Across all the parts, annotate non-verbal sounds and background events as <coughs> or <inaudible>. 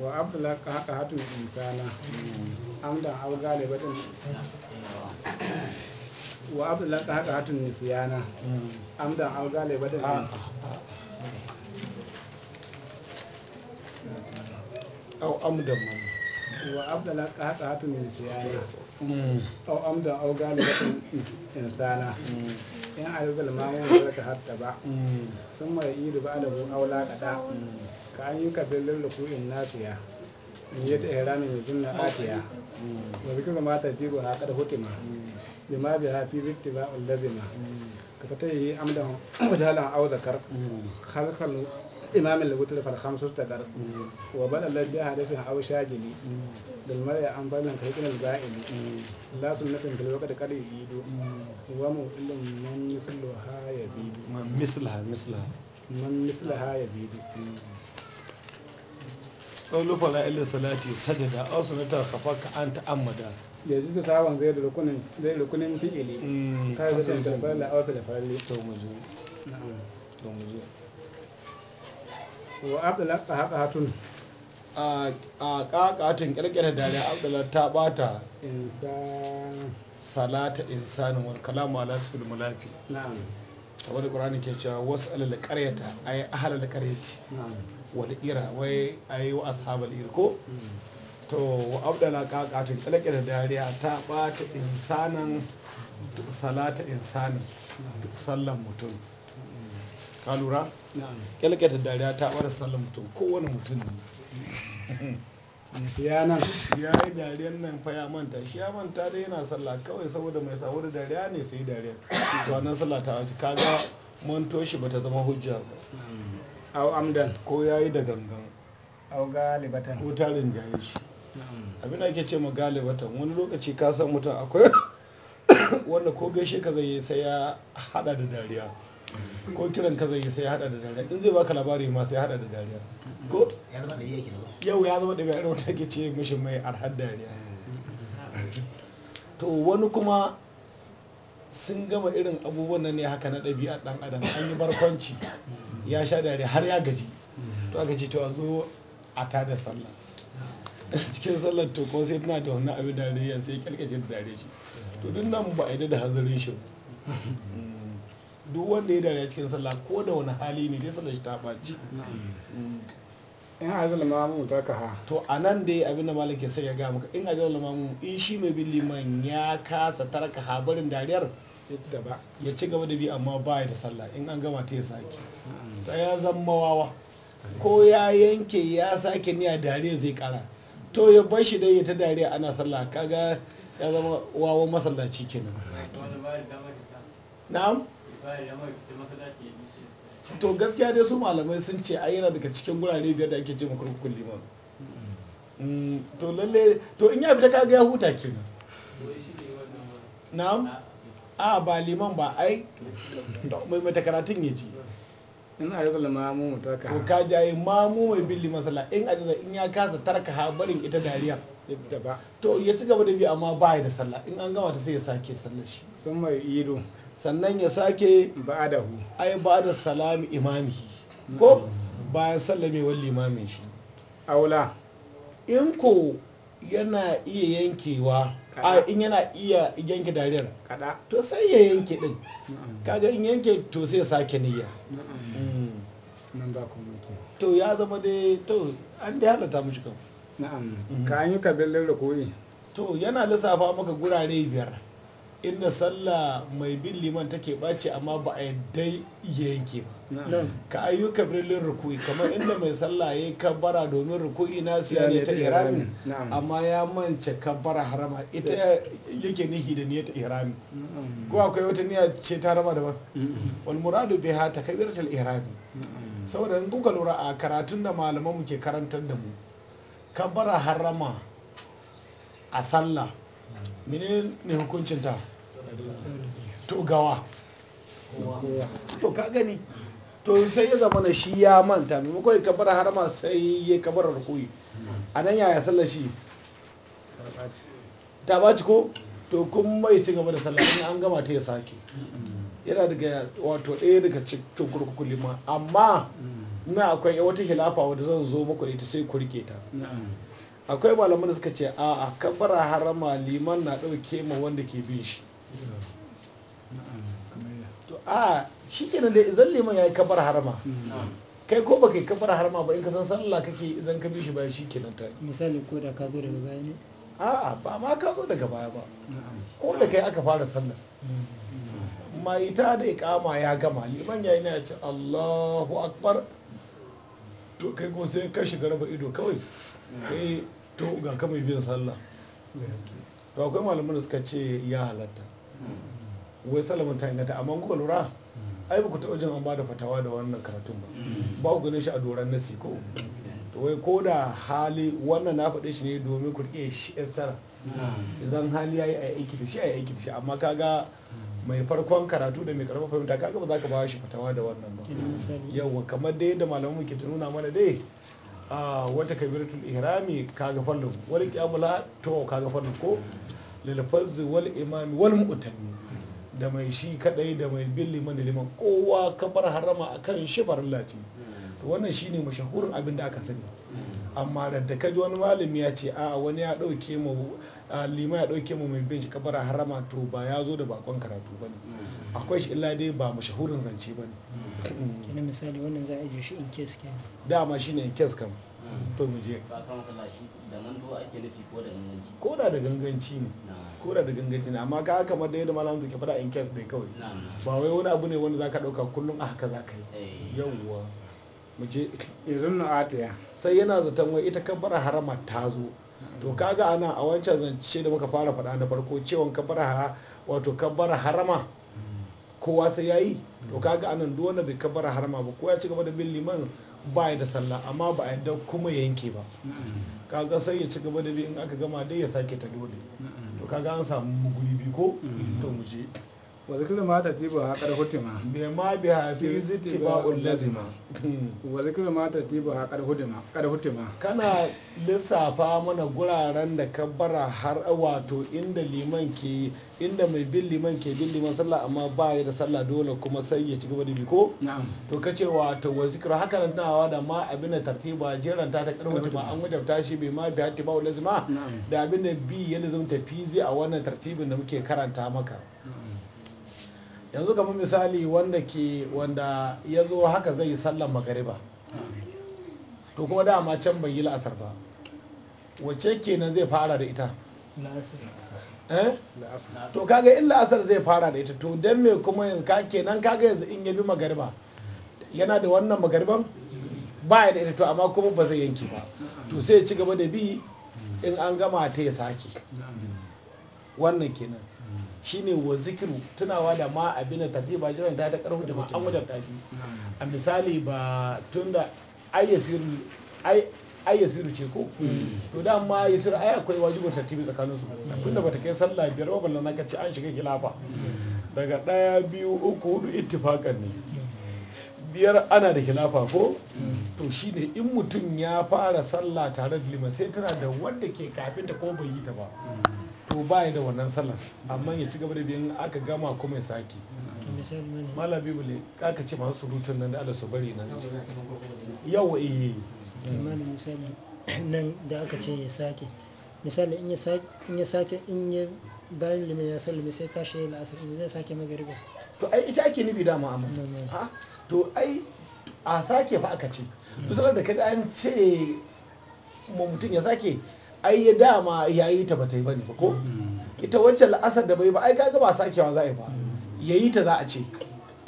wa abdullahi ka haka hatun insana amdan aw galibatan wa abdullahi ka haka hatun nisyana amdan aw galibatan aw amdan wa abdullahi ka haka hatun nisyana hmm. au amdan aw galibatan insana in ayyuka lamarin da ka hatta ba hmm. sun mai yi da ba da mun aula kada hmm. ka an yi kafin ku in nasiya in yi ta ihramin yanzu na atiya wa zikin ma jiro na kada hutima ma bi hafi zikti ba ulazima ka fata yi amdan wajalan auzakar harkar imamin lagutar farham su ta dar wa bada laddi a a au shagili dalmar ya an fallon karkin alba'ili la sunnatin filwaka da kada ido wa mu ilin man mislu ha ya bidu man misla misla man misla ha ya bidu tsallu ila salati sadada a wasu nata kafa ka an ta'ammada yanzu da sabon zai da rukunin zai rukunin fi'ili mm, ka zai da farla a wata da farle to mu zo to mu zo wa abdala a a qaqatun kirkira dare abdala ta bata insan salata insanin wani kalamu ala sul mulafi na'am kamar Wani qur'ani ke cewa wasu alal qaryata a yi qaryati na'am wani ira wai yi wa ashabar irko hmm. to wa abdala ka kalakir da dariya ta bata insanan salata insanin sallan mutum ka lura da dariya ta bar sallan mutum kowane mutum ne ya nan ya yi dariyan nan fa ya manta shi ya manta dai yana sallah kawai saboda mai da dariya ne sai dariya to wannan sallah ta wace kaga mantoshi ba bata zama hujja ba hmm. au amdan ko ya yi da gangan au galibatan ko tarin rinjaye shi abin da ake ce ma galibatan wani lokaci ka san mutum akwai <coughs> wanda ko gaishe ka zai sai ya hada da dariya ko kiran ka zai sai ya hada da dariya in zai baka labari ma sai ya hada da dariya ko yau ya zama dabi'a irin wanda ake ce mishi mai arhar dariya to wani kuma sun gama irin abubuwan nan ne haka na ɗabi'a ɗan adam an yi barkwanci ya sha dare har ya gaji mm-hmm. to aka ce to a zo a tada sallah <laughs> cikin sallar to kuma sai tana da wani abin dare ya sai kyalkace da dare shi to duk nan ba a yi da hanzarin shi mm-hmm. duk wanda ya dare cikin sallah ko da wani hali ne dai sallar shi ta ɓaci mm-hmm. in zala mamu ta ka ha to a nan dai abin da malaka sai ya ga maka in zala mamu in shi mai bin liman ya kasa tarka habarin dariyar yadda ba ya ci gaba da bi amma ya da sallah in an gama ta ya sake ta ya zama wawa ko ya yanke ya sake ni a dariya zai kara to ya bar shi dai ya ta dariya ana sallah kaga ya zama wawan masallaci kenan na'am to gaskiya dai su malamai sun ce ai yana daga cikin gurare biyar da ake ce makurkukun liman mm, to lalle to in ya fita kaga ya huta kenan na'am a ba liman ba ai mai mata karatun ya ci in a rasa mamu mutaka ko ka jaye mamu mai bin masala. in a in ya kasa tarka ha barin ita dariya to ya ci gaba da bi amma ba ya da sallah in an gama ta sai ya sake sallar shi sun mai ido sannan ya sake ba'adahu ai ba da salami imami ko bayan wani limamin shi aula in ko yana iya yankewa a in yana iya yanke dariyar kada to sai ya yanke din kaga in yanke to sai sake niyya mm. nan za ku mutu to ya zama dai to an da halatta mushi kan na'am mm. ka an yi kabin lirrikoyi to yana lissafa maka gurare biyar inda sallah mai bin liman take bace amma ba a yadda ya yanke ba ka ayyuka birnin rukui kamar inda mai sallah ya yi kabbara domin rukui na siya ne ta irami amma ya mance kabbara harama ita yake nihi da niyyar irami ko akwai wata niyya ce ta harama daban wal muradu biha takbiratul irami saboda in kuka lura a karatun da malaman mu ke karantar da mu kabbara harama a sallah mene ne hukuncinta to gawa to ka gani to sai ya zama na shi ya manta maimakon ya kabara harama sai ya kabar rukuyi a nan yaya sallar shi ta baci ko to kun mai ci gaba da sallah in an gama ta ya sake yana daga wato ɗaya daga cikin kurkuku lima amma na akwai wata hilafa wadda zan zo muku ita sai ku ta akwai malaman da suka ce a'a kafara harama liman na ɗauke ma wanda ke bin shi to a shi kenan da izan liman ya yi kafar harama kai ko baka yi kafar harama ba in ka san sallah kake idan ka bin shi bayan shi kenan ta misali ko da ka zo daga baya ne a'a ba ma ka zo daga baya ba ko da kai aka fara sallas mai ta da ikama ya gama liman ya yi na ce Allahu akbar to kai ko sai ka shiga raba ido kawai kai to ga ka mai bin sallah to akwai malaman da suka ce ya halatta wai salamin ta inganta amma kuka lura ai ku taɓa jin an ba da fatawa da wannan karatun ba ba ku ganin shi a doron nasi ko to wai ko da hali wannan na faɗi shi ne domin ku riƙe shi yan sara idan hali ya yi a aiki da shi a aiki da shi amma kaga mai farkon karatu da mai karfa fahimta kaga ba za ka ba shi fatawa da wannan ba yawwa kamar dai yadda malaman mu ta nuna mana dai wata kabiratul ihrami kaga fallon wal qiyamul to kaga fallon ko lil fazzi wal imami wal mu'tami da mai shi kadai da mai bin liman da liman kowa kabar harama akan shi farilla ce to wannan shine mashahurin abin da aka sani amma da ka ji wani malami ya ce a wani ya dauke mu lima ya ɗauke mu mai bin kabara harama to ba ya zo da bakon karatu ba ne akwai shi illa dai ba mashahurin zance ba ne kina misali wannan za a je shi in kes ke dama shi ne in kes kam hmm. to mu je ko da da ganganci ne ko da da ganganci ne amma ka haka da yadda malam zuke fada in kes dai kawai ba wai wani abu ne wanda za ka ɗauka kullum a haka za ka yi eh. yawwa mu je yanzu na ataya sai yana zaton wai ita kabbara harama ta zo to kaga ana a wancan zance da muka fara faɗa na farko cewa kabar hara wato kabar harama kowa sai yayi to kaga anan duk bai kabar harama ba ko ya ci gaba da bin liman ba da sallah amma ba a yadda kuma yanke ba kaga sai ya ci gaba da bi in aka gama dai ya sake ta dole to kaga an samu guri biyu ko to mu je wa ma ta tiba ha kar hutima bai ma bi ha fi zittiba'ul lazima wa ma ta tiba ha kar kana lissafa mana guraren da ka bara har wato inda liman ke inda mai bin liman ke bin liman sallah amma ba ya da sallah dole kuma sai ya ci gaba da biko to kace wato wa zikirin haka nan tunawa da ma abin da tartiba jeran ta ta kar hutima an ta shi bai ma bi ha tiba lazima da abin da bi yana zama tafizi a wannan tartibin da muke karanta maka yanzu kamar misali wanda ke wanda ya zo haka zai yi sallan magariba to kuma dama can bai yi la'asar ba wacce kenan zai fara da ita eh? to kaga in la'asar zai fara da ita to don me kuma yanzu ka kenan kaga yanzu in ya magariba yana da wannan magariban baya da ita to amma kuma ba zai yanki ba to sai ya ci gaba da bi in an gama ta ya sake wannan kenan shine wa zikiru tunawa da ma abin da ba jiran ta ta karfi da ma an tafi a misali ba tun da ai siru ce ko to da ma siru ai akwai wajibu tartibi tsakanin su tun da bata kai sallah biyar ba na naka ce an shiga khilafa daga ɗaya biyu uku hudu ittifakan ne biyar ana da khilafa ko to shine in mutum ya fara sallah tare da lima sai tana da wanda ke kafin ta ko bai yi ta ba to ba ya da wannan sallar amma ya ci gaba da biyan aka gama kuma ya sake mala bibule aka ce masu surutun nan da ala su bari nan Yau iya eh. imani misali nan da aka ce ya sake misali in ya sake in ya bayan limin ya sallame sai tashi ya la'asar in zai sake magariba to ai ita ake nufi dama amma to ai a sake fa aka ce kusa da kaga an ce mutum ya sake ai ya dama ya yi ta bata yi bane ba ko mm. ita wancan la'asar da bai ba ai kaga ba sakewa za a yi ba mm. ya yi ta za a ce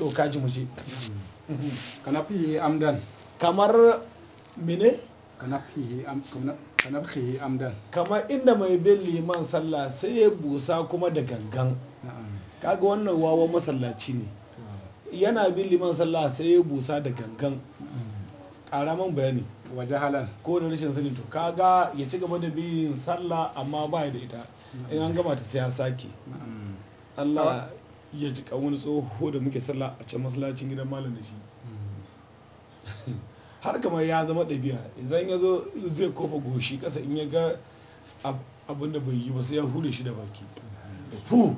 to kaji mu je mm. mhm. kanafi amdan kamar mene kanafi kanafi amdan kamar inda mai bin liman sallah sai ya busa kuma da gangan kaga wannan wawan masallaci ne yana bin liman sallah sai ya busa da gangan ƙaramin bayani wa jahalan ko da rashin sani to kaga ya ci gaba da bin sallah amma ba da ita in an gama ta sai ya sake Allah ya ji wani tsoho da muke sallah a can masallacin gidan malam da shi har kamar ya zama ɗabi'a idan ya zo zai kofa goshi ƙasa in ya ga abin da bai yi ba sai ya hure shi da baki fu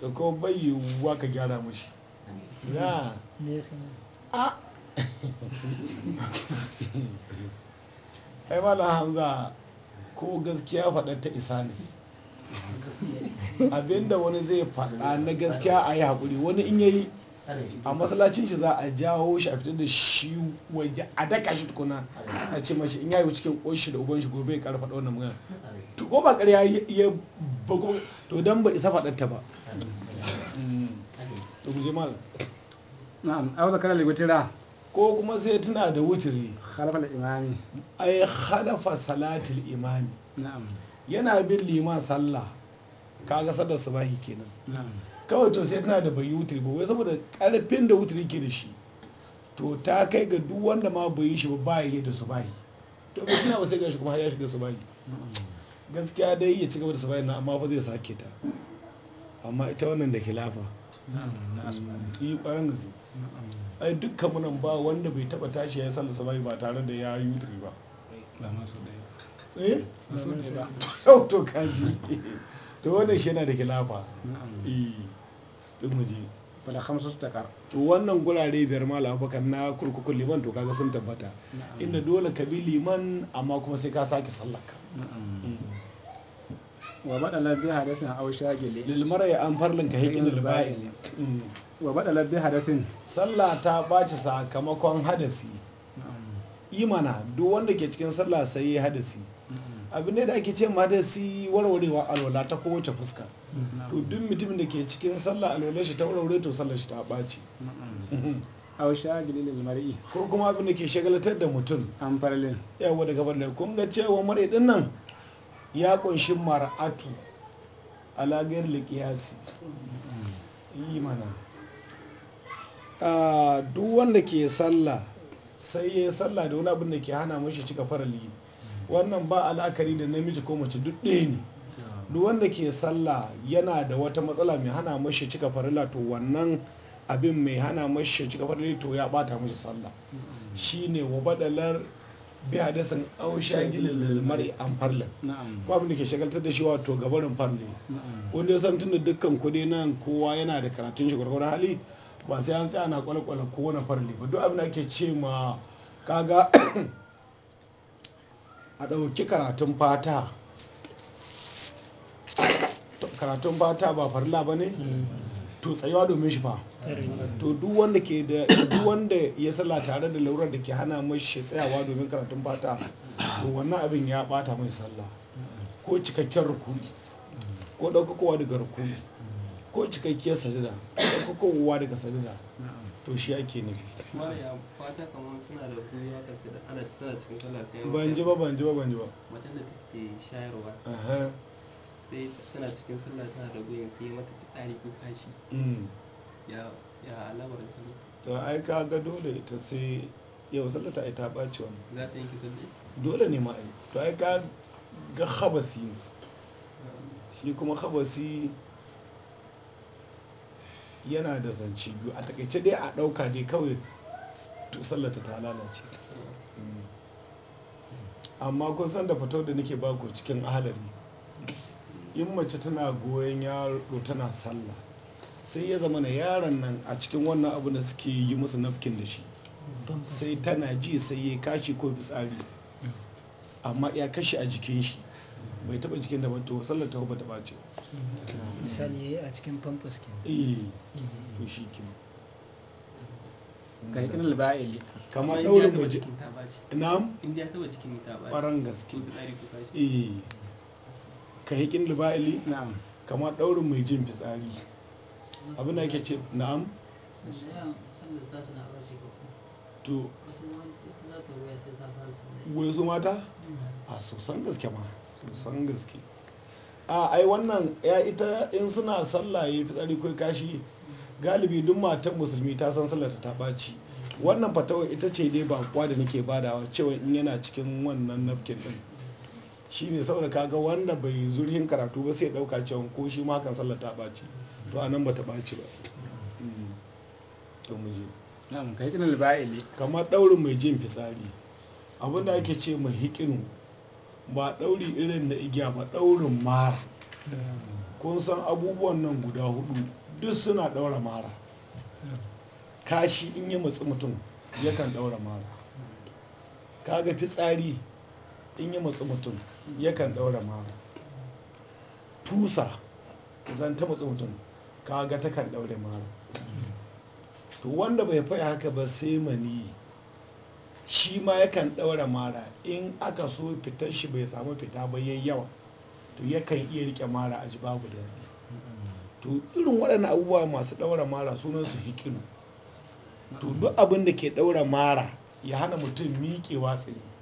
da kuma bai yiwuwa ka gyara mashi a ai mala hamza ko gaskiya faɗar ta isa ne abinda wani zai faɗa na gaskiya a yi haƙuri wani in yayi a matsalacin shi za a jawo shi a fitar da shi waje a daka shi tukuna a ce mashi in yayi cikin ƙoshi da uban shi gobe ya ƙara faɗa wannan magana to ko ba ƙarya ya bako to dan ba isa faɗar ta ba to guje malam na'am da. kana ko kuma sai tuna da wuturi halafa imami ai halafa salatul imami yana bin liman sallah kaga sallar subahi kenan kawai to sai tana da bai wuturi ba wai saboda karfin da wuturi ke da shi to ta kai ga duk wanda ma bai yi shi ba ba yi da subahi to bai tuna ba sai ga shi kuma ya shiga subahi gaskiya dai ya ci gaba da subahi na amma ba zai sake ta amma ita wannan da khilafa yi kwarin gaske ai dukkan munan ba wanda bai taba tashi ya sallar sabahi ba tare da ya yi wutri ba eh to kaji to wannan shi yana da kilafa eh mu takar to wannan gurare biyar mala abubakar na kurkukun liman to kaga sun tabbata inda dole ka bi liman amma kuma sai ka sake sallar ka eh. wa badalar bi hadasin aw shagili lil mar'i an farlin ka hikin lil ba'ili wa badalar bi hadasin sallah ta baci sakamakon hadasi imana duk wanda ke cikin sallah sai ya hadasi Abin ne da ake ce hadasi warwarewa alwala ta kowace fuska to duk mutumin da ke cikin sallah alwala shi ta warware to sallah shi ta baci aw <laughs> shagili lil mar'i ko kuma abin da ke shagalatar da mutum an farlin yawa daga farlin kun ga cewa mar'i din nan ya kunshi mar'atu alagar likiyasi yi mana duk wanda ke sallah sai ya yi sallah da wani abin da ke hana mashi cika faralli. wannan ba alakari da namiji ko mace duk ɗaya ne duk wanda ke sallah yana da wata matsala mai hana mashi cika farila to wannan abin mai hana mashi cika farila to ya ɓata mashi sallah shine wa badalar bi hadasan aw shagilin lil mar'i an farla ko abin da ke shagaltar da shi wato gabarin farne wanda ya san tunda dukkan kuɗi nan kowa yana da karatun shi gwargwaron hali ba sai an tsaya na kwalkwala ko wani farli ba duk abin da ake ce ma kaga <coughs> a ɗauki karatun fata karatun fata ba farla ba ne mm. to tsayuwa domin shi fa to duk wanda ke da duk wanda ya sallah tare da laurar da ke hana mashi tsayawa domin karatun fata to wannan abin ya bata mai sallah ko cikakken rukuni ko daukakowa daga rukuni ko cikakkiyar sajida daukakowa daga sajida to shi ake nufi fata kamar suna da sai da ana suna cikin sallah sai ban ji ba ban ji ba ban ji ba matan da take shayarwa sai tana cikin sallah tana da goyon sai mata fitsari ko kashi mm. ya ya al'amarin sallah to ai ka ga dole ta sai yau sallah ta ai ta ɓaci wani za ta yanke sallah dole ne ma ai to ai ka ga habasi ne shi kuma habasi yana da zance biyu a takaice dai a ɗauka dai kawai to sallata ta lalace mm. amma kun san da fito da nake baku cikin ahalari in mace tana goyon yaro tana sallah sai ya zama na yaron nan a cikin wannan abu da suke yi musu nafkin da shi sai tana ji sai ya kashi ko fitsari amma ya kashi a jikin shi bai taba jikin da to sallar ta ba ta bace misali yi a cikin pampers kin eh to shi kin ga ikin alba'ili kamar daurin waje na'am in ya taba jikin ta bace gaske ka hikin liba'ili na'am kamar daurin mai jin fitsari abin da yake ce na'am to wai su mata mm. a sosan gaske ma sosan gaske a ai wannan ya ita in suna sallaye fitsari kai kashi galibi duk matan musulmi ta san sallar ta baci wannan fatawa ita ce dai bakuwa da nake badawa cewa in yana cikin wannan nafkin din Shi shine saboda kaga wanda bai zurhin karatu ba sai dauka cewa ko shi ma kan sallar ta ɓaci to anan nan ba ta ɓaci ba. Mm. kamar daurin mai jin fitsari abinda ake ce mai hikinu ba ɗauri irin na igiya ba daurin mara kun san abubuwan nan guda hudu duk suna daura mara kashi in yi matsi mutum yakan ɗaura mara kaga fitsari in yi mutsu mutum yakan daura ma tusa zan ta mutsu mutum kaga kan ɗaure ma to wanda bai faɗi haka ba sai mani shi ma yakan ɗaura mara in aka so fitar shi bai samu fita ba yayi yawa to yakan iya rike mara a ji babu daɗi to irin waɗannan abubuwa masu ɗaura mara sunan su hikilu to duk abin da ke ɗaura mara ya hana mutum miƙewa tsaye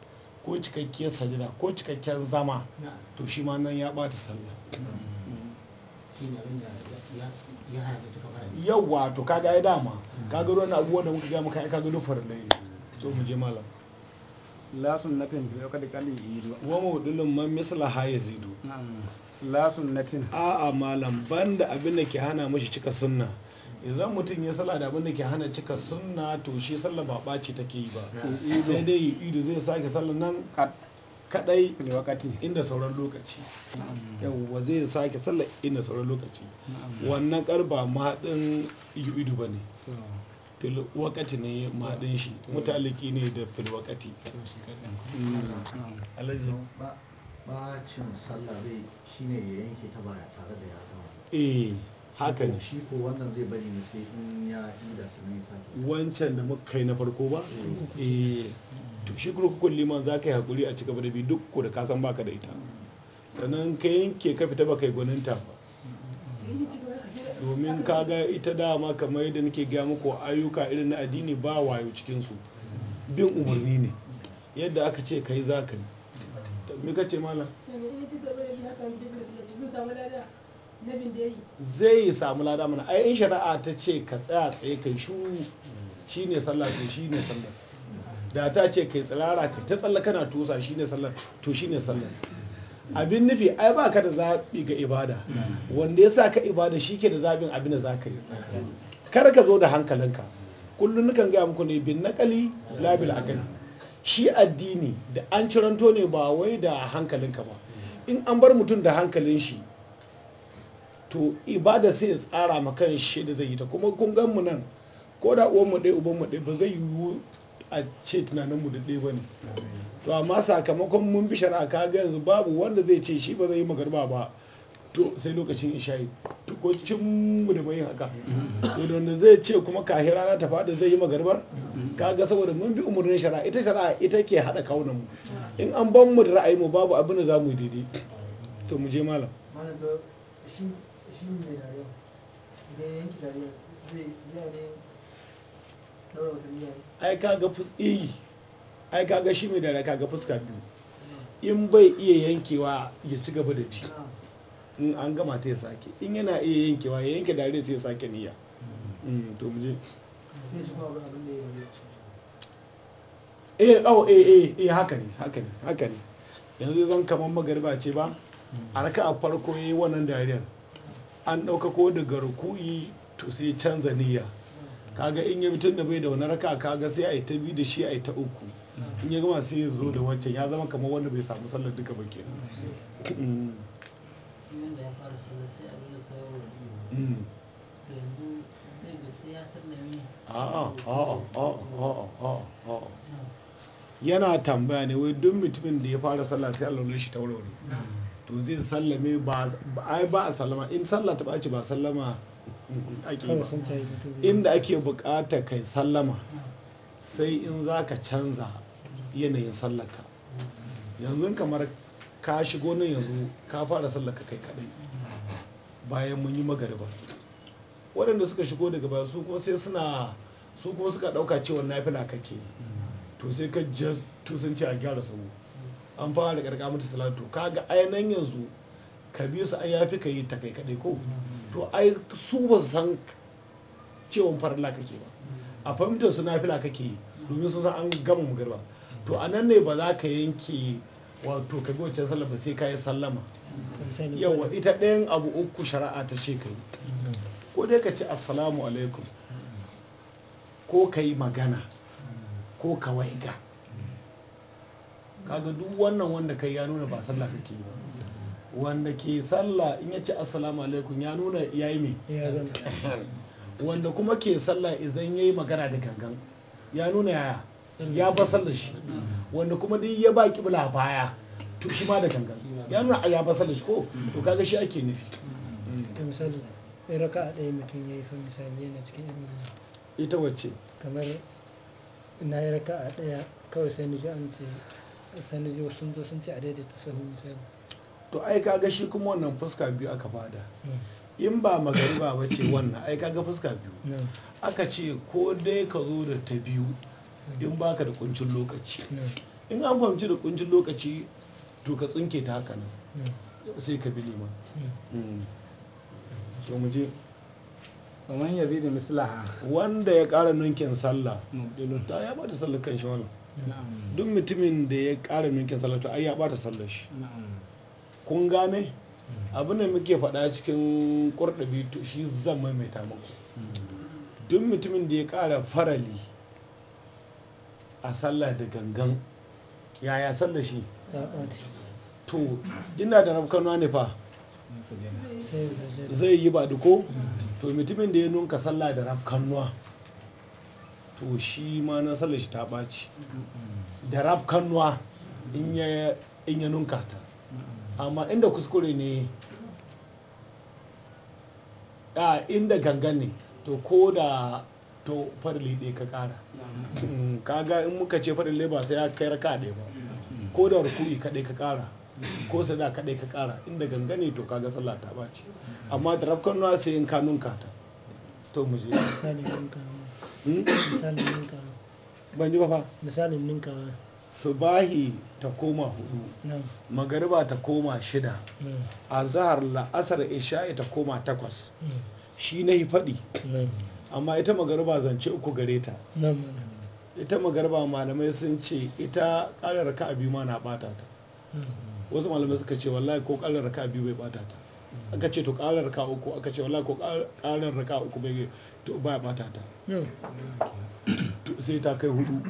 ko cikakkiyar sajada ko cikakken zama to shi ma nan ya bata sallah yawwa to kaga ya dama mm. kaga ruwan abubuwan da muka ga muka aika da yi to mu je malam la sunnatin bi kada kali yidu wa dulun man misla haye zido lasun sunnatin a a malam banda abin da ke hana mashi cika sunna idan mutum ya sallah da abin da ke hana cika sunna to shi sallah ba ɓaci take yi ba sai dai yi ido zai sake sallah nan kadai inda sauran lokaci yawwa zai sake sallah inda sauran lokaci wannan karba mahaɗin yi ido ba ne filwakati ne mahaɗin shi mutaliki ne da filwakati mm. cin sallah bai shine ya yanke ta ba tare da ya gama eh. haka shi ko wannan zai bari ne sai in ya ida su ne sake wancan da muka kai na farko ba eh, eh. to shi kurkukun liman za ka yi hakuri a cigaba da bi duk ko da ka san baka da ita sannan ka yanke ka fita baka yi gwaninta ba domin ka ga ita dama kamar yadda nake gaya muku ayyuka irin na addini ba wayo cikinsu bin umarni ne yadda aka ce kai za ka yi me ce malam zai yi samu lada mana a in shari'a ta ce ka tsaya tsaye kai shu Shi ne sallah to ne sallah da ta ce kai tsirara ka ta tsalla kana tusa ne sallah to ne sallah abin nufi ai ba ka da zaɓi ga ibada wanda ya sa ka ibada shi ke da zaɓin abin da za ka yi kar ka zo da hankalinka kullum nukan gaya muku ne bin naƙali labil akali shi addini da an ciranto ne ba wai da hankalinka ba in an bar mutum da hankalin shi to ibada sai ya tsara ma kan shi da zai yi ta kuma kun gan mu nan ko da uwan mu ɗaya uban mu ɗaya ba zai yiwu a ce tunanin mu da ɗaya ba ne to amma sakamakon mun bi shari'a ka ga yanzu babu wanda zai ce shi ba zai yi magarba ba to sai lokacin yi to ko cikin mu da mai haka to da wanda zai ce kuma kahira na ta fada zai yi magarbar ga saboda mun bi umarnin shari'a ita shari'a ita ke haɗa kaunan mu in an ban mu da ra'ayi mu babu abin da za mu yi daidai to mu je malam shi mai rayuwa idan yanki rayuwa zai zai ne daura wata niyya ai kaga fuski eh, ai kaga shi mai rayuwa fuska biyu in bai iya yankewa ya ci gaba da bi in an gama ta ya sake in yana iya yankewa ya yanke dare sai ya sake niyya mm-hmm. mm, to mu je eh oh eh eh eh haka ne haka ne haka ne yanzu zan kaman magarba ce ba mm. a raka a farko yayi wannan dariyar an ɗaukako daga ruku'i to sai canza niyya kaga in ya mutum da bai da wani raka kaga sai a yi ta biyu da shi a yi ta uku in ya gama sai ya zo da wancan ya zama kamar wanda bai samu sallar duka ba kenan yana tambaya ne wai duk mutumin da ya fara sallah sai Allah shi ta wuri to zai sallame ba ba a sallama in sallah ta ɓaci ba sallama ake ba inda ake bukata kai sallama sai in za ka canza yanayin sallaka yanzu kamar ka shigo nan yanzu ka fara sallaka kai kadai bayan mun yi magariba waɗanda suka shigo daga baya su kuma sai suna su kuma suka ɗauka cewa nafila kake to sai ka je a gyara sabo an fara da karka mata salatu kaga ainihin yanzu ka biyu su an yafi ka yi ta kai kadai ko to ai su ba su san cewon farilla kake ba a fahimtar su fila kake yi domin sun san an gama magarba to a nan ne ba za ka yanke wato ka bi wacce sallama sai ka yi sallama yawa ita ɗayan abu uku shari'a ta ce ka yi ko dai ka ci assalamu alaikum ko ka yi magana ko ka waiga kaga duk wannan wanda kai ya nuna ba sallah kake yi wanda ke sallah in ya ci assalamu alaikum ya nuna ya yi wanda kuma ke sallah idan ya yi magana da gangan ya nuna yaya ya ba sallah shi wanda kuma duk ya ba kibla baya to shi ma da gangan ya nuna ya ba sallah shi ko to kaga shi ake nufi ta misali in raka a ɗaya mutum ya yi fa misali yana cikin ita wacce kamar na yi raka a ɗaya kawai sai ni an ce sanajo sun zo sun ce a daidaita sahu to ai kaga shi kuma wannan fuska biyu aka fada hmm. in ba magariba ba ce wannan ai kaga fuska biyu hmm. aka ce ko dai ka zo da ta biyu hmm. in baka da kuncin lokaci in an fahimci da kuncin lokaci to ka tsinke ta haka nan sai ka bi liman so mu je kamar da wanda ya ƙara ninkin sallah ta ya bada da sallar kan shi wannan duk mutumin da ya ƙara minkin salatu ai ya ɓata sallar shi kun gane mm. abin da muke faɗa cikin ƙurɗabi to shi zan maimaita muku mm. duk mutumin da ya ƙara farali a sallah da gangan yaya sallar shi to ina da rafkanuwa ne fa zai yi ba duko mm. to mutumin da ya nunka sallah da rafkanuwa to shi ma na sallar shi ta ɓaci da rab kannuwa in ya nunka ta amma inda kuskure ne a inda gangan ne to ko da to farli ɗaya ka ƙara mm, kaga in muka ce farli ba sai ya kai raka ɗaya ba ko da rukuri kaɗai ka ƙara ko sai kaɗai ka ƙara inda gangane to kaga sallah ta ɓaci amma da rafkan sai in ka nunka ta to mu je Hmm? misalin ninka ban ji ba fa misalin ninka subahi ta koma hudu magariba ta koma shida azahar la'asar isha'i ta koma takwas shi na yi faɗi amma ita magariba zance uku gare ta ita magariba malamai sun ce ita ƙarar ka biyu ma na ɓata ta wasu malamai suka ce wallahi ko ƙarar ka biyu bai ɓata ta aka ce to karar raka uku aka ce wala ko karar raka uku bai to ba bata ta sai ta kai hudu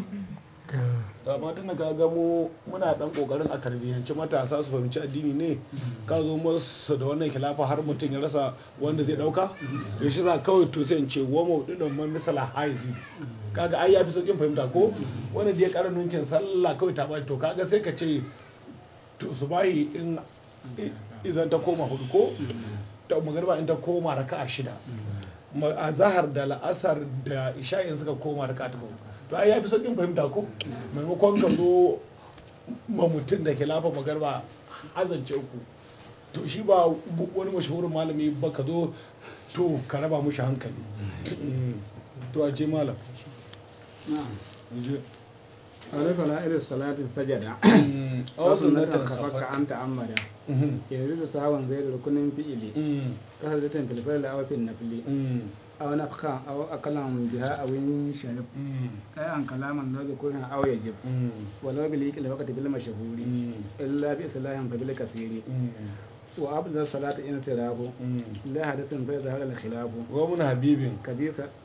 ta tun da ga mu muna dan kokarin a tarbiyyanci matasa su fahimci addini ne ka zo musu da wannan khilafa har mutum ya rasa wanda zai dauka to shi za kawai to sai in ce wa mawdudun man misala haizi kaga ai fi sokin fahimta ko wanda da ya ƙara nunkin sallah kawai ta bashi to kaga sai ka ce to subahi in izan ta koma hudu ko ta magariba in ta koma a shida a zahar da la'asar da isha'in suka koma raka ta to ai son sauƙin fahimta ko maimakon ka zo ma mutum da ke lafa magariba azance ku to shi ba wani mashahurin malami ba ka zo to ka raba mushi hankali mm. to a ce malam Alaka la'ilin salatin sajada. A wasu natin kafaka an ta'ammada. Mm-hmm. Yanzu da sawan zai da rukunin fi'ili. Mm. Kasar zaton filfil da awafin na fili. Mm. A wani afkan a kalan biha a wani sharif. Kai mm. an kalaman na da kurin awa ya jib. Walau bil yi kila wakati bil mashahuri. Illa bi islahin fa bil kasiri. wa abu mm. da da salatu yanayi sirabu. lehadi sun faɗi da har al'adun kilabu. rabuwar Habibu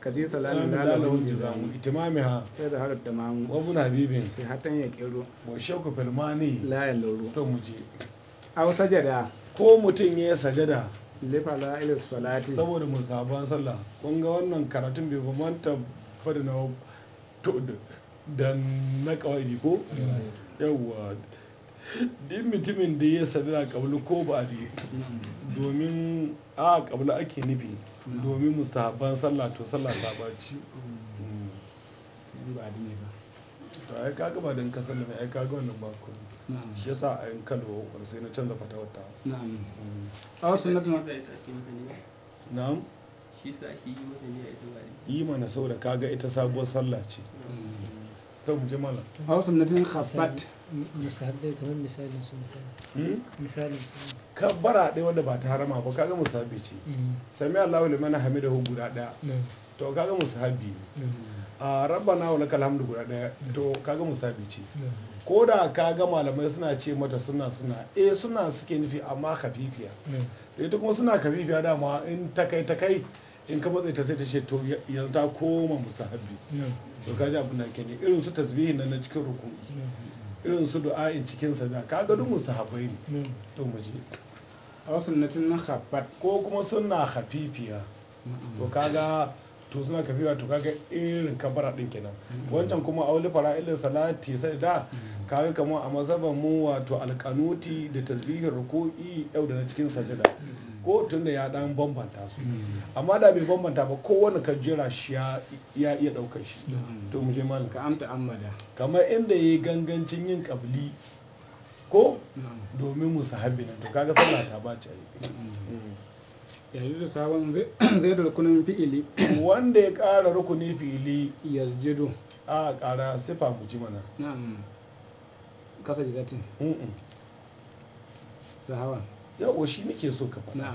kadisa lalle na lauje zaune. ha. raunin harin ta ma mu. rabuwar Habibu. yaushe haɗin ya kirga. baushe ku filma ne. la ya lura. au sajada. ko mutum ya yi sajada. da la'ilu salati. saboda mu sabon sallah. kun wannan karatun bai duk mutumin da ya sadu a kabulu ko ba ne domin a kabulu ake nufi domin mustahabban sallah to sallah ta ba to ai kaga ba don kasar mai ai kaga wannan ba ku shi yasa a yin kalwa wakon sai na canza fata wata a wasu na tunan na'am mm. shi sa shi yi mata ne a ita ba yi mana saboda kaga ita sabuwar sallah ce mm. to mu je mallam hausa na tin khasbat musahabai kamar misalin su hmm? misalin su kabbara ɗaya wanda ba ta harama ba kaga musahabi ce hmm. sami Allahu liman hu guda daya hmm. to kaga musahabi ne a rabbana wa lakal hamdu guda daya to kaga musahabi ce ko da kaga malamai suna ce mata suna suna eh suna suke nufi amma khafifiya ita kuma suna khafifiya dama in takai takai in ka matsayi ta sai ta ce to yanzu ta koma musahabi to ka ji abin da ke ne irin su tasbihin nan na cikin rukuni irin su du'a'in cikin sada ka ga musa musahabai ne to mu je wasu natin na habbat ko kuma suna hafifiya to ga to suna kafiwa to kaga irin kabara din kenan mm. wancan kuma auli fara'ilin salati sai da mm. kaga kamar a mazhaban mu wato alkanuti da tasbihin ruku'i yau da na cikin sajada mm. ko tun da ya dan bambanta su hmm. amma da bai bambanta ba kowane kan jira shi ya iya daukar shi hmm. to mu je malam ka amta amada kamar inda yayi gangancin yin kabli ko hmm. domin mu sahabi nan to kaga sallah ta ba ci yanzu da sabon zai <coughs> da rukunin fi'ili <coughs> wanda ya kara rukunin fi'ili yarjidu a kara sifa mu ji mana na'am kasa gidatin sahawan yawo shi nake so ka faɗa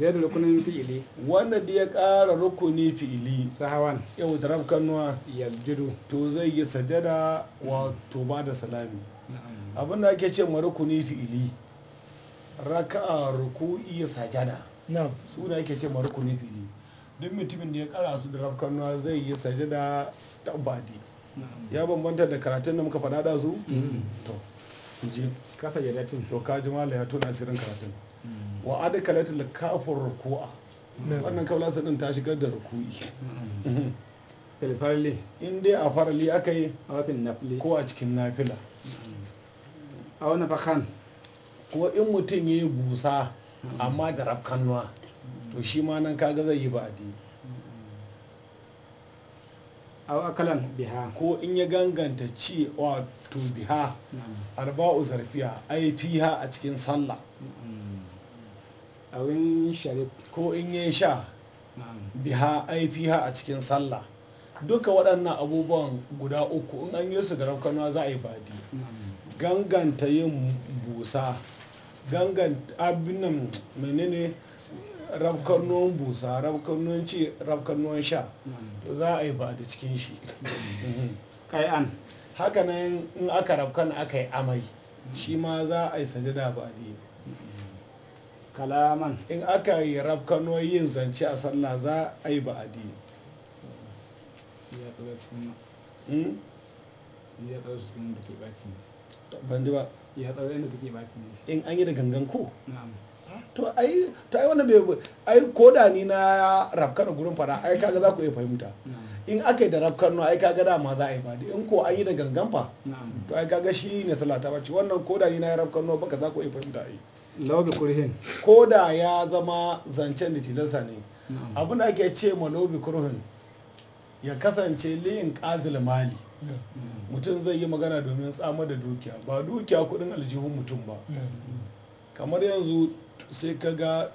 da rukunin fi'ili wanda da ya ƙara rukuni fi'ili sahawan yau da rafkanuwa ya jiru to zai yi sajada to ba da salami abin da ake ce ma rukuni fi'ili raka'a iya sajada su da ake ce ma rukuni fi'ili duk mutumin da ya ƙara su da rafkanuwa zai yi sajada ta badi ya bambanta da karatun da muka faɗa da su mm. to kasa latin to ka ji mala ya tona sirrin karatun hmm. wa da kafin ruku'a wannan kaula din ta shigar da ruku'i hmm. hmm. filfarli in dai a farali aka yi ko a cikin nafila a wani fakan ko in mutum ya yi busa amma da rafkannuwa to shi ma nan kaga zai yi ba'adi a akalan biha ko in ya ganganta ci wato biha arba'u zarfiya ai fiha a cikin sallah awin sharif ko in ya sha biha ai fiha a cikin sallah duka waɗannan abubuwan guda uku in an yi su ga rafkanuwa za a yi badi ganganta yin busa ganganta abinan menene rabkan nuwan busa rabkan nuwan ci rabkan nuwan sha za a yi ba da cikin shi kai an haka nan in aka rabkan aka yi amai shi ma za a yi sajada ba da yi kalaman in aka yi rabkan nuwan yin zance a sallah za a yi ba a hmm? ban ji ba in an yi da gangan ko na'am to ai to ai wannan bai ai koda ni na rafkana gurin fara ai kaga za ku iya fahimta in aka yi da rafkano ai kaga dama za a yi fadi in ko an yi da gangan fa to ai kaga shi ne salata bace wannan koda ni na rafkano baka za ku iya fahimta ai Lobe kurhin koda ya zama zancen da tilasa ne abin da ake ce ma lobe kurhin ya kasance liyin qazil mali mutum zai yi magana domin tsamar da dukiya ba dukiya kudin aljihun mutum ba kamar yanzu sai ka ga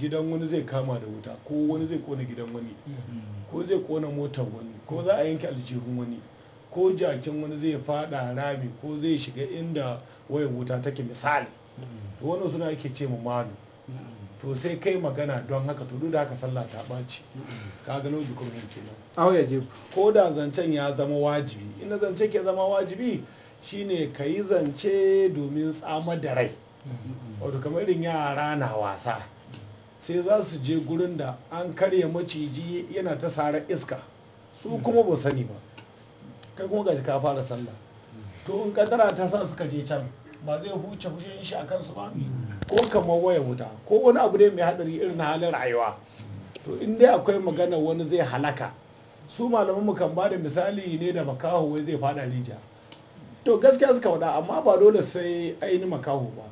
gidan wani zai kama da wuta ko wani zai kona gidan wani ko zai kona motar wani ko za a yanke aljihun wani ko jakin wani zai fada rami ko zai shiga inda wayar wuta take misali to wannan suna ake ce mu malu to sai kai magana don haka to da haka sallah ta ɓaci ka gano jikin yin kenan au ya je ko da zancen ya zama wajibi ina zance ke zama wajibi shine ka yi zance domin tsamar da rai wato kamar irin yara na wasa sai za su je gurin da an karya maciji yana ta sara iska su kuma ba sani ba kai kuma gaji ka fara sallah to in kadara ta sa suka je can ba zai huce hushin shi a kansu ba ko kamar waya wuta ko wani abu ne mai hadari irin halin rayuwa to in dai akwai magana wani zai halaka su malaman mu kan ba da misali ne da makaho wai zai fada rijiya to gaskiya suka faɗa amma ba dole sai aini makaho ba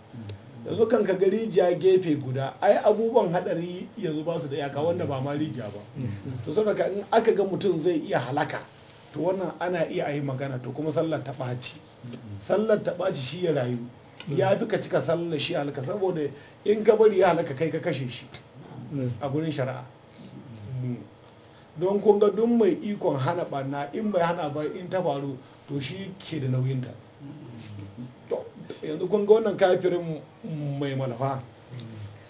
yanzu kan ka gari rijiya gefe guda ai abubuwan hadari yanzu ba su da yaka wanda ba ma rijiya ba to saboda in aka ga mutum zai iya halaka to wannan ana iya yi magana to kuma sallar ta ɓaci sallar ta ɓaci shi ya rayu ya fi ka cika sallar shi halaka saboda in ka bari ya halaka kai ka kashe shi a gurin shari'a don kun ga duk mai ikon hana ɓanna in bai hana ba in ta faru to shi ke da nauyinta yanzu kun ga wannan kafirin mai malafa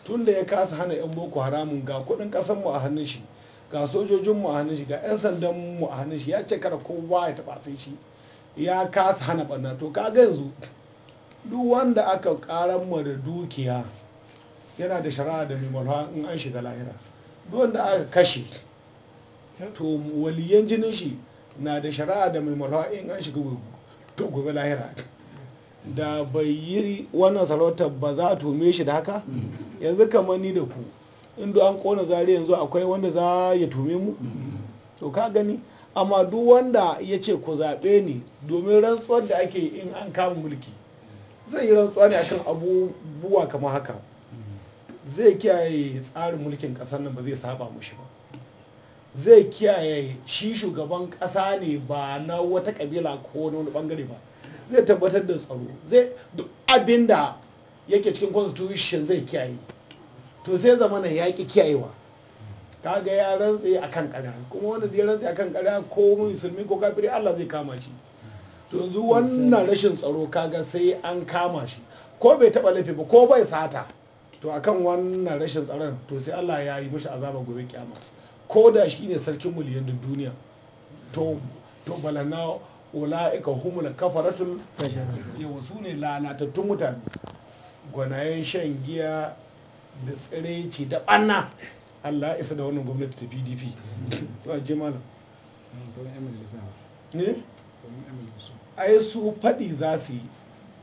Tunda ya kasa hana 'yan boko haramun ga kudin mu a hannun shi ga sojojinmu a hannun shi ga 'yan sandanmu a hannun shi ya ce kara kowa ya taba sai shi ya kasa hana barna to kaga yanzu duk wanda aka karan mu da dukiya yana da shari'a da mimalwa in an shiga lahira duk wanda aka kashe to waliyan jinin shi na da shari'a da mai mulha in an shiga gobe lahira da bai yi wannan sarautar ba za a tome shi da haka yanzu kamar ni da ku inda an kona zari yanzu akwai wanda za ya tome mu to ka gani amma duk wanda ya ce ku zaɓe ni domin rantsuwar da ake in an kama mulki zai yi rantsuwa ne akan abubuwa kamar haka zai kiyaye tsarin mulkin ƙasar nan ba zai saba mushi ba zai kiyaye shi shugaban ƙasa ne ba na wata ƙabila ko wani bangare ba zai tabbatar da tsaro zai duk abin da yake cikin constitution zai kiyaye to sai zama na yaƙi kiyayewa kaga ya rantse a kan ƙarya kuma wanda ya rantse a kan ƙarya ko musulmi ko kafiri Allah zai kama shi to yanzu wannan rashin tsaro kaga sai an kama shi ko bai taɓa laifi ba ko bai sata to akan wannan rashin tsaron to sai Allah ya yi mishi azaba gobe kiyama ko da shi ne sarkin miliyan duniya to to balana ula'ika humul kafaratul ya su ne lalatattun mutane gwanayen shan giya da tsiraici da banna allah isa da wannan gwamnati ta pdp a jimala ne ai su faɗi za su yi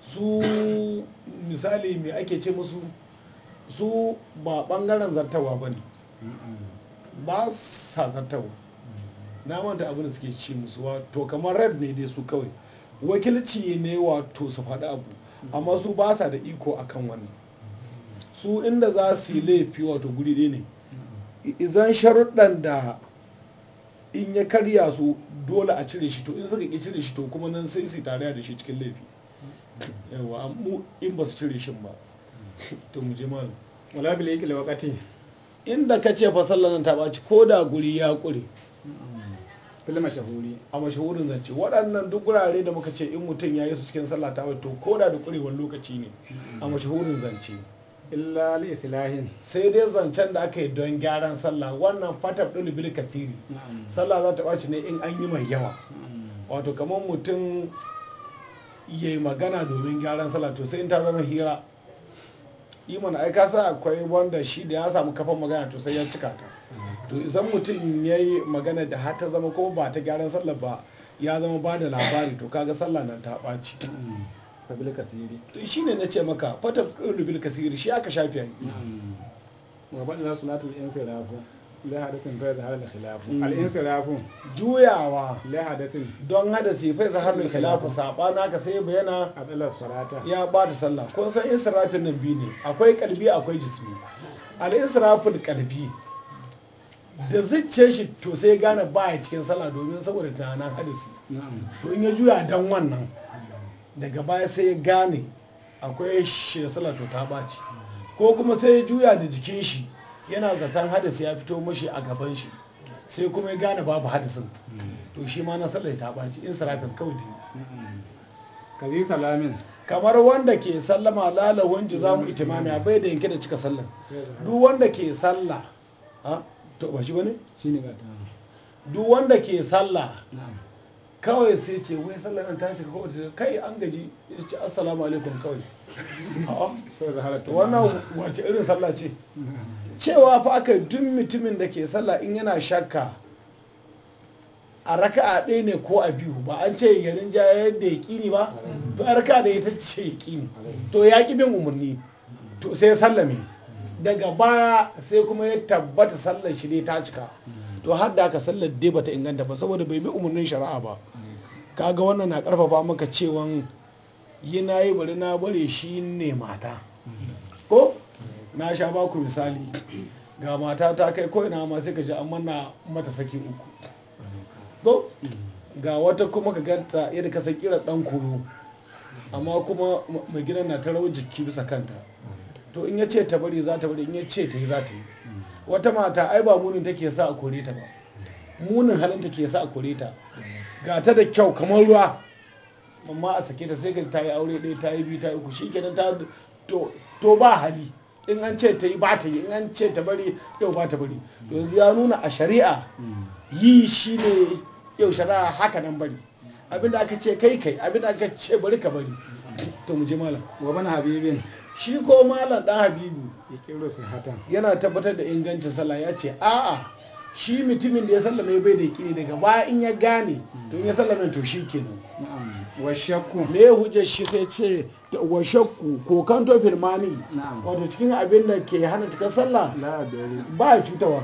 su misali mai ake ce musu su ba ɓangaren zartawa ba ne ba sa zartawa na manta abin da suke ce musu wato kamar red ne dai su kawai wakilci ne wato su faɗi abu amma su ba sa da iko akan wannan su inda za su yi laifi wato guri ɗaya ne izan sharuɗan da in ya karya su dole a cire shi to in suka ƙi cire shi to kuma nan sai su tare da shi cikin laifi yawa mu in ba su cire shi ba to mu je malam wala bil yaqil wakati inda ka ce fa sallar nan ta ɓaci ko da guri ya ƙure fil mashahuri a mashahurin zance waɗannan duk gurare da muka ce in mutum ya yi su cikin sallah ta to ko da da ƙurewar lokaci ne a mashahurin zance illa li sai dai zancen da aka yi don gyaran sallah wannan fatab ɗin bil kasiri sallah za ta ɓaci ne in an yi mai yawa wato kamar mutum ya yi magana domin gyaran sallah to sai in ta zama hira iman ai ka sa akwai wanda shi da ya samu kafan magana to sai ya cika ta to idan mutum ya yi magana da har ta zama ko ba ta gyaran sallar ba ya zama ba da labari to kaga sallah nan ta ɓaci fabil shi ne na ce maka fata rubil kasiri shi aka shafi yayi ma la hadasin fa zaharul khilaf mm. al insirafu juyawa la hadasin don hadasi fa zaharul khilaf sabana ka sai bayana adalar salata ya bata sallah kun san insirafin nan bi ne akwai kalbi akwai jismi al insiraful kalbi da zicce shi to sai gane ba a cikin sallah domin saboda tunanin hadasi to in ya juya dan wannan daga baya sai ya gane akwai shi da sallah to ta ɓaci ko kuma sai ya juya da jikin shi yana zaton hadis ya fito mashi a gaban shi sai kuma ya gane babu hadisin to shi ma nasarar ta ɓaci in sarafin kawai ne salamin kamar wanda ke sallama lalawun ji za mu itimami bai da yanke da cika sallan duk wanda ke salla to ba shi ba ne? shi ne duk wanda ke salla kawai sai ce wai sallar nan ta ce ka ta kai an gaji ya ce assalamu alaikum kawai wannan wace irin sallah ce cewa fa aka duk mutumin da ke sallah in yana shakka a raka'a ɗaya ne ko a biyu ba an ce garin ja yadda ya kini ba a raka'a da ita ce ya kini to ya ƙi bin umarni to sai sallame daga baya sai kuma ya tabbata sallar shi ne ta cika to har da aka sallar dai bata inganta ba saboda bai bi umarnin shari'a ba ka ga wannan na karfafa maka cewan yi na yi bari na bari shi ne mata ko na sha baku misali ga mata ta kai ko ina ma sai ka ji amma na mata saki uku ko ga wata kuma ka ganta yadda ka san dan koyo amma kuma mai gidan na ta rawar jiki bisa kanta to in ya ce ta bari za ta bari in ya ce ta yi za ta yi wata mata ai ba munin take sa a kore ta ba munin halin ke sa a kore ta ga ta da kyau kamar ruwa amma a sake ta sai ga ta yi aure ɗaya ta yi biyu ta yi uku shikenan ta to ba hali in an ce ta yi ba ta yi in an ce ta bari yau ba ta bari yanzu ya nuna a shari'a yi shine yau shari'a haka nan bari abinda aka ce kai kai abinda aka ce bari ka bari to mu je malam wa bana habibin shi ko malam dan habibu yana tabbatar da ingancin sallah ya ce a'a shi mutumin da ya sallame bai da kini daga baya in ya gane to in ya sallame to shi ke nan. shakku me hujjar shi sai ce wa shakku ko kan to wato cikin abin da ke hana cikin sallah ba cutawa.